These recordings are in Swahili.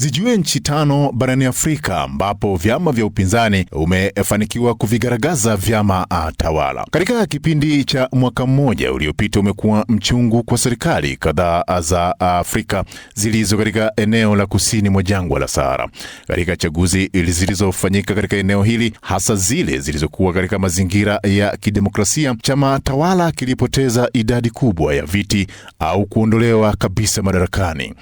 Zijue nchi tano barani Afrika ambapo vyama vya upinzani umefanikiwa kuvigaragaza vyama tawala. Katika kipindi cha mwaka mmoja uliopita, umekuwa mchungu kwa serikali kadhaa za Afrika zilizo katika eneo la kusini mwa jangwa la Sahara. Katika chaguzi zilizofanyika katika eneo hili, hasa zile zilizokuwa katika mazingira ya kidemokrasia, chama tawala kilipoteza idadi kubwa ya viti au kuondolewa kabisa madarakani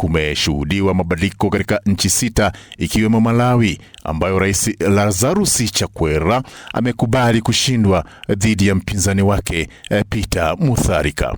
kumeshuhudiwa mabadiliko katika nchi sita ikiwemo Malawi ambayo Rais Lazarus Chakwera amekubali kushindwa dhidi ya mpinzani wake eh, Peter Mutharika.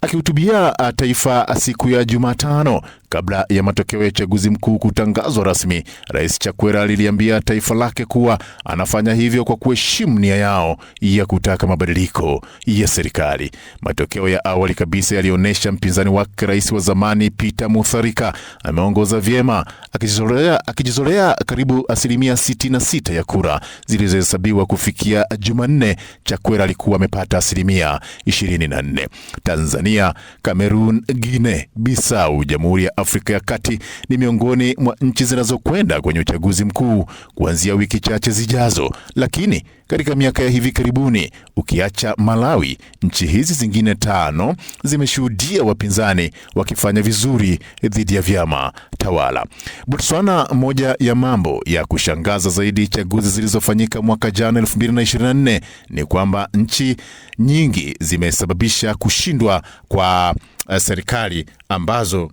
Akihutubia eh, taifa siku ya Jumatano Kabla ya matokeo ya uchaguzi mkuu kutangazwa rasmi, Rais Chakwera aliliambia taifa lake kuwa anafanya hivyo kwa kuheshimu nia yao ya kutaka mabadiliko ya serikali. Matokeo ya awali kabisa yalionyesha mpinzani wake, rais wa zamani Peter Mutharika, ameongoza vyema akijizolea, akijizolea karibu asilimia 66 ya kura zilizohesabiwa kufikia Jumanne. Chakwera alikuwa amepata asilimia 24. Tanzania, Cameroon, Guinea Bissau, Jamhuri ya Afrika ya Kati ni miongoni mwa nchi zinazokwenda kwenye uchaguzi mkuu kuanzia wiki chache zijazo, lakini katika miaka ya hivi karibuni, ukiacha Malawi, nchi hizi zingine tano zimeshuhudia wapinzani wakifanya vizuri dhidi ya vyama tawala. Botswana, moja ya mambo ya kushangaza zaidi chaguzi zilizofanyika mwaka jana 2024 ni kwamba nchi nyingi zimesababisha kushindwa kwa eh, serikali ambazo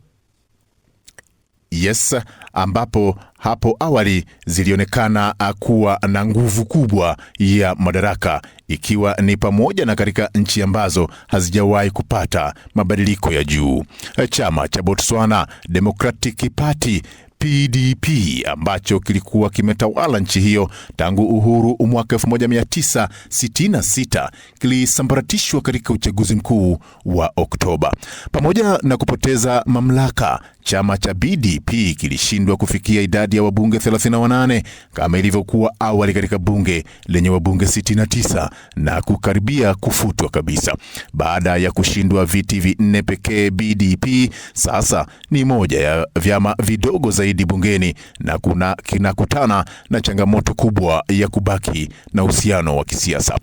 Yes ambapo hapo awali zilionekana ah, kuwa na nguvu kubwa ya madaraka ikiwa ni pamoja na katika nchi ambazo hazijawahi kupata mabadiliko ya juu. Chama cha Botswana Democratic Party PDP ambacho kilikuwa kimetawala nchi hiyo tangu uhuru mwaka 1966 kilisambaratishwa katika uchaguzi mkuu wa Oktoba. Pamoja na kupoteza mamlaka, chama cha BDP kilishindwa kufikia idadi ya wabunge 38 kama ilivyokuwa awali katika bunge lenye wabunge 69 na kukaribia kufutwa kabisa. Baada ya kushindwa viti vinne pekee, BDP sasa ni moja ya vyama vidogo zaidi bungeni na kuna kinakutana na changamoto kubwa ya kubaki na uhusiano wa kisiasa.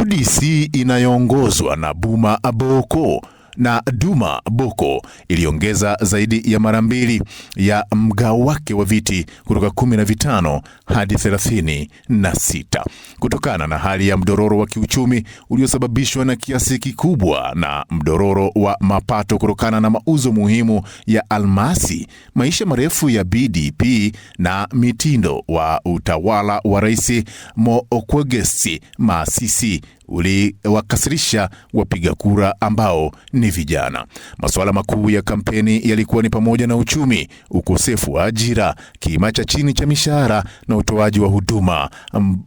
UDC inayoongozwa na Buma Aboko na Duma Boko iliongeza zaidi ya mara mbili ya mgao wake wa viti kutoka kumi na vitano hadi thelathini na sita kutokana na hali ya mdororo wa kiuchumi uliosababishwa na kiasi kikubwa na mdororo wa mapato kutokana na mauzo muhimu ya almasi, maisha marefu ya BDP na mitindo wa utawala wa Rais Mo Okwegesi Masisi uliwakasirisha wapiga kura ambao ni vijana. Masuala makuu ya kampeni yalikuwa ni pamoja na uchumi, ukosefu wa ajira, kima cha chini cha mishahara na utoaji wa huduma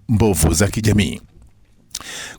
mbovu za kijamii.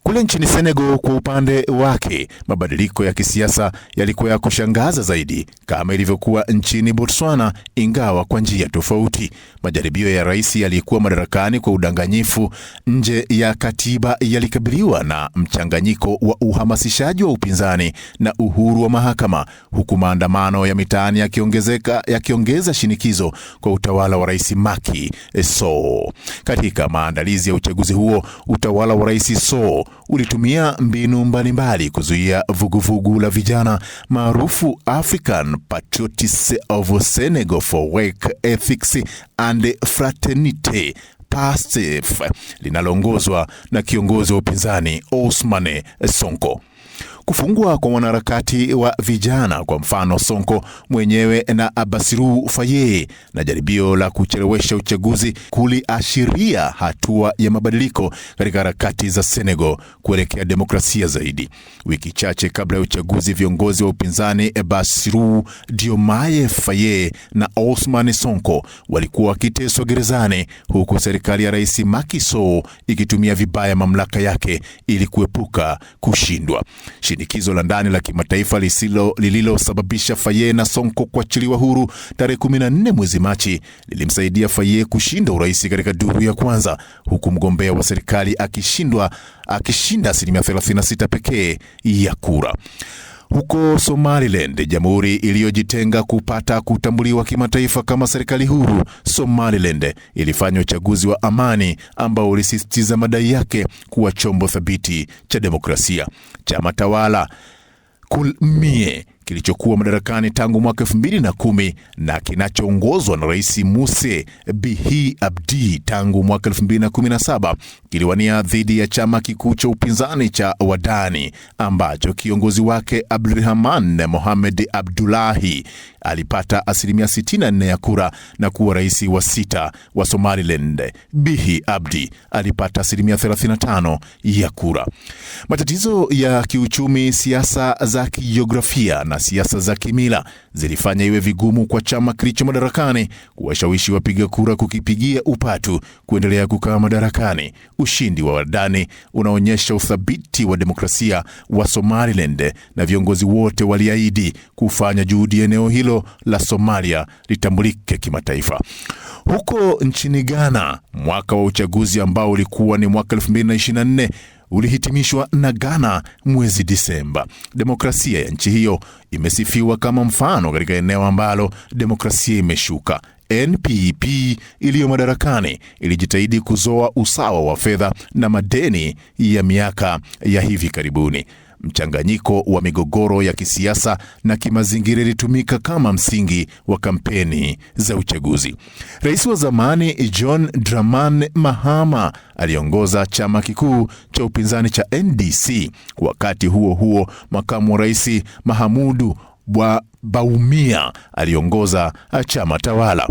Kule nchini Senegal kwa upande wake, mabadiliko ya kisiasa yalikuwa ya kushangaza zaidi kama ilivyokuwa nchini Botswana, ingawa kwa njia tofauti. Majaribio ya rais aliyekuwa madarakani kwa udanganyifu nje ya katiba yalikabiliwa na mchanganyiko wa uhamasishaji wa upinzani na uhuru wa mahakama, huku maandamano ya mitaani yakiongezeka yakiongeza shinikizo kwa utawala wa Rais Macky Sall. Katika maandalizi ya uchaguzi huo, utawala wa Rais Mbosso ulitumia mbinu mbalimbali kuzuia vuguvugu la vijana maarufu African Patriots of Senegal for Work Ethics and Fraternity PASTEF linaloongozwa na kiongozi wa upinzani Ousmane Sonko. Kufungwa kwa wanaharakati wa vijana kwa mfano Sonko mwenyewe na Abasiru Faye na jaribio la kuchelewesha uchaguzi kuliashiria hatua ya mabadiliko katika harakati za Senegal kuelekea demokrasia zaidi. Wiki chache kabla ya uchaguzi, viongozi wa upinzani Abasiru Diomaye Faye na Ousmane Sonko walikuwa wakiteswa gerezani, huku serikali ya Rais Macky Sall ikitumia vibaya mamlaka yake ili kuepuka kushindwa shinikizo la ndani la kimataifa lililosababisha Faye na Sonko kuachiliwa huru tarehe 14 mwezi Machi lilimsaidia Faye kushinda urais katika duru ya kwanza, huku mgombea wa serikali akishindwa akishinda asilimia 36 pekee ya kura. Huko Somaliland, jamhuri iliyojitenga kupata kutambuliwa kimataifa kama serikali huru, Somaliland ilifanya uchaguzi wa amani ambao ulisisitiza madai yake kuwa chombo thabiti cha demokrasia. Chama tawala kulmie kilichokuwa madarakani tangu mwaka 2010 na kinachoongozwa na Rais Muse Bihi Abdi tangu mwaka 2017 kiliwania dhidi ya chama kikuu cha upinzani cha Wadani ambacho kiongozi wake Abdurahman Mohamed Abdullahi alipata asilimia 64 ya kura na kuwa rais wa sita wa Somaliland. Bihi Abdi alipata asilimia 35 ya kura. Matatizo ya kiuchumi, siasa za kijiografia na siasa za kimila zilifanya iwe vigumu kwa chama kilicho madarakani kuwashawishi wapiga kura kukipigia upatu kuendelea kukaa madarakani. Ushindi wa wadani unaonyesha uthabiti wa demokrasia wa Somaliland na viongozi wote waliahidi kufanya juhudi eneo hilo la Somalia litambulike kimataifa. Huko nchini Ghana, mwaka wa uchaguzi ambao ulikuwa ni mwaka 2024 ulihitimishwa na Ghana mwezi Disemba. Demokrasia ya nchi hiyo imesifiwa kama mfano katika eneo ambalo demokrasia imeshuka. NPP iliyo madarakani ilijitahidi kuzoa usawa wa fedha na madeni ya miaka ya hivi karibuni. Mchanganyiko wa migogoro ya kisiasa na kimazingira ilitumika kama msingi wa kampeni za uchaguzi. Rais wa zamani John Dramani Mahama aliongoza chama kikuu cha upinzani cha NDC. Wakati huo huo, makamu wa rais Mahamudu Bwa Baumia aliongoza chama tawala.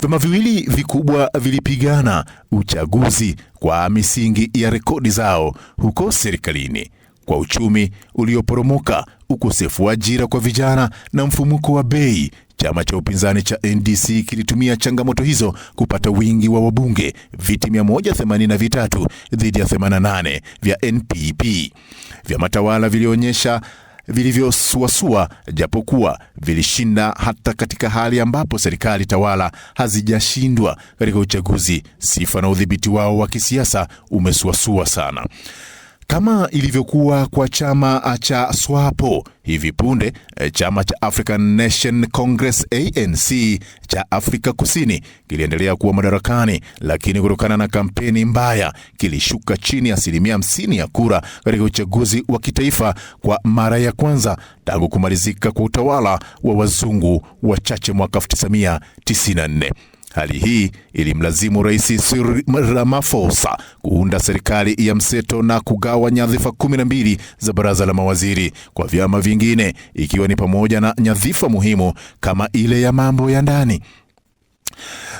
Vyama viwili vikubwa vilipigana uchaguzi kwa misingi ya rekodi zao huko serikalini kwa uchumi ulioporomoka, ukosefu wa ajira kwa vijana na mfumuko wa bei, chama cha upinzani cha NDC kilitumia changamoto hizo kupata wingi wa wabunge, viti 183 dhidi ya 88 vya NPP. Vyama tawala vilionyesha vilivyosuasua japokuwa vilishinda hata katika hali ambapo serikali tawala hazijashindwa katika uchaguzi. Sifa na udhibiti wao wa kisiasa umesuasua sana. Kama ilivyokuwa kwa chama eh, cha SWAPO, hivi punde eh, chama cha African Nation Congress ANC cha Afrika Kusini kiliendelea kuwa madarakani, lakini kutokana na kampeni mbaya kilishuka chini ya asilimia 50 ya kura katika uchaguzi wa kitaifa kwa mara ya kwanza tangu kumalizika kwa utawala wa wazungu wachache mwaka 1994. Hali hii ilimlazimu Rais Cyril Ramaphosa kuunda serikali ya mseto na kugawa nyadhifa kumi na mbili za baraza la mawaziri kwa vyama vingine, ikiwa ni pamoja na nyadhifa muhimu kama ile ya mambo ya ndani.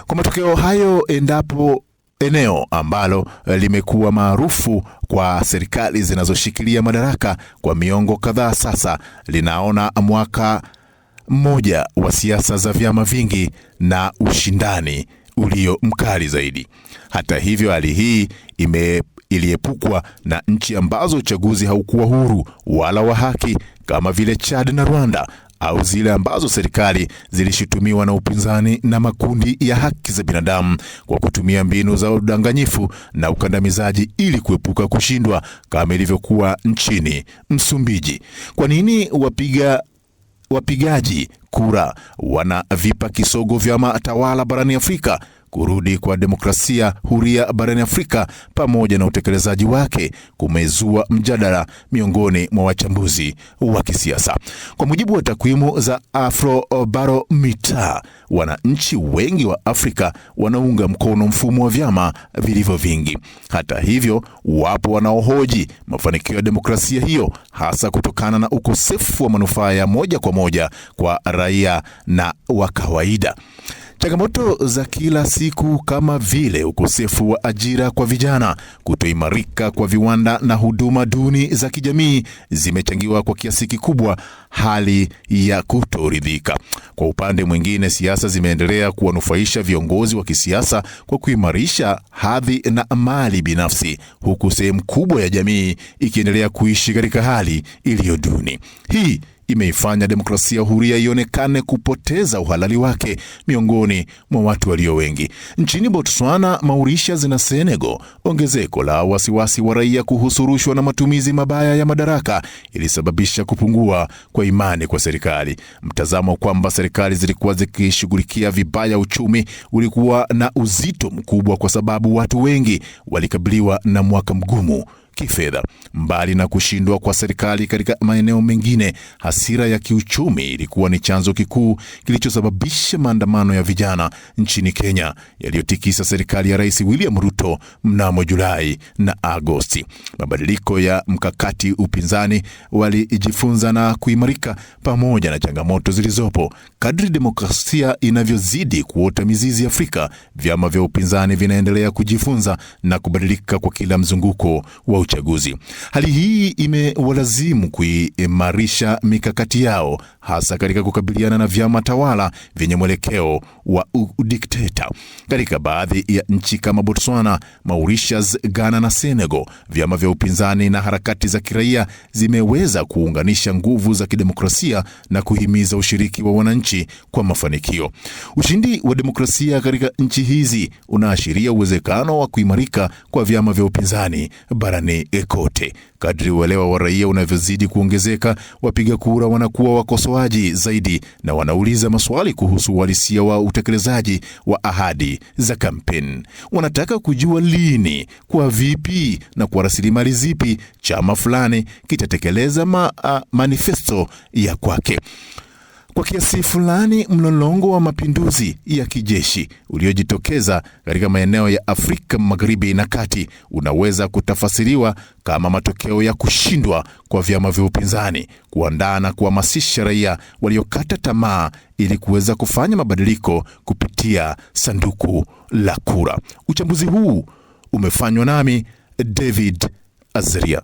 Kwa matokeo hayo, endapo eneo ambalo limekuwa maarufu kwa serikali zinazoshikilia madaraka kwa miongo kadhaa sasa linaona mwaka mmoja wa siasa za vyama vingi na ushindani ulio mkali zaidi. Hata hivyo, hali hii ime iliepukwa na nchi ambazo uchaguzi haukuwa huru wala wa haki kama vile Chad na Rwanda au zile ambazo serikali zilishutumiwa na upinzani na makundi ya haki za binadamu kwa kutumia mbinu za udanganyifu na ukandamizaji ili kuepuka kushindwa kama ilivyokuwa nchini Msumbiji. Kwa nini wapiga wapigaji kura wanavipa kisogo vyama tawala barani Afrika Kurudi kwa demokrasia huria barani Afrika pamoja na utekelezaji wake kumezua mjadala miongoni mwa wachambuzi wa kisiasa. Kwa mujibu wa takwimu za Afrobarometer, wananchi wengi wa Afrika wanaunga mkono mfumo wa vyama vilivyo vingi. Hata hivyo, wapo wanaohoji mafanikio ya demokrasia hiyo, hasa kutokana na ukosefu wa manufaa ya moja kwa moja kwa raia na wa kawaida. Changamoto za kila siku kama vile ukosefu wa ajira kwa vijana, kutoimarika kwa viwanda na huduma duni za kijamii zimechangiwa kwa kiasi kikubwa hali ya kutoridhika. Kwa upande mwingine, siasa zimeendelea kuwanufaisha viongozi wa kisiasa kwa kuimarisha hadhi na mali binafsi, huku sehemu kubwa ya jamii ikiendelea kuishi katika hali iliyo duni. Hii imeifanya demokrasia huria ionekane kupoteza uhalali wake miongoni mwa watu walio wengi. Nchini Botswana, Mauritius na Senegal, ongezeko la wasiwasi wa raia kuhusu rushwa na matumizi mabaya ya madaraka ilisababisha kupungua kwa imani kwa serikali. Mtazamo kwamba serikali zilikuwa zikishughulikia vibaya uchumi ulikuwa na uzito mkubwa, kwa sababu watu wengi walikabiliwa na mwaka mgumu kifedha. Mbali na kushindwa kwa serikali katika maeneo mengine, hasira ya kiuchumi ilikuwa ni chanzo kikuu kilichosababisha maandamano ya vijana nchini Kenya yaliyotikisa serikali ya Rais William Ruto mnamo Julai na Agosti. Mabadiliko ya mkakati, upinzani walijifunza na kuimarika pamoja na changamoto zilizopo. Kadri demokrasia inavyozidi kuota mizizi Afrika, vyama vya upinzani vinaendelea kujifunza na kubadilika kwa kila mzunguko wa uchaguzi. Hali hii imewalazimu kuimarisha mikakati yao, hasa katika kukabiliana na vyama tawala vyenye mwelekeo wa udikteta. Katika baadhi ya nchi kama Botswana, Mauritius, Ghana na Senegal, vyama vya upinzani na harakati za kiraia zimeweza kuunganisha nguvu za kidemokrasia na kuhimiza ushiriki wa wananchi kwa mafanikio. Ushindi wa demokrasia katika nchi hizi unaashiria uwezekano wa kuimarika kwa vyama vya upinzani barani duniani kote. Kadri uelewa wa raia unavyozidi kuongezeka, wapiga kura wanakuwa wakosoaji zaidi na wanauliza maswali kuhusu uhalisia wa utekelezaji wa ahadi za kampeni. Wanataka kujua lini, kwa vipi na kwa rasilimali zipi chama fulani kitatekeleza ma, uh, manifesto ya kwake. Kwa kiasi fulani, mlolongo wa mapinduzi ya kijeshi uliojitokeza katika maeneo ya Afrika Magharibi na Kati unaweza kutafasiriwa kama matokeo ya kushindwa kwa vyama vya upinzani kuandaa na kuhamasisha raia waliokata tamaa ili kuweza kufanya mabadiliko kupitia sanduku la kura. Uchambuzi huu umefanywa nami David Azria.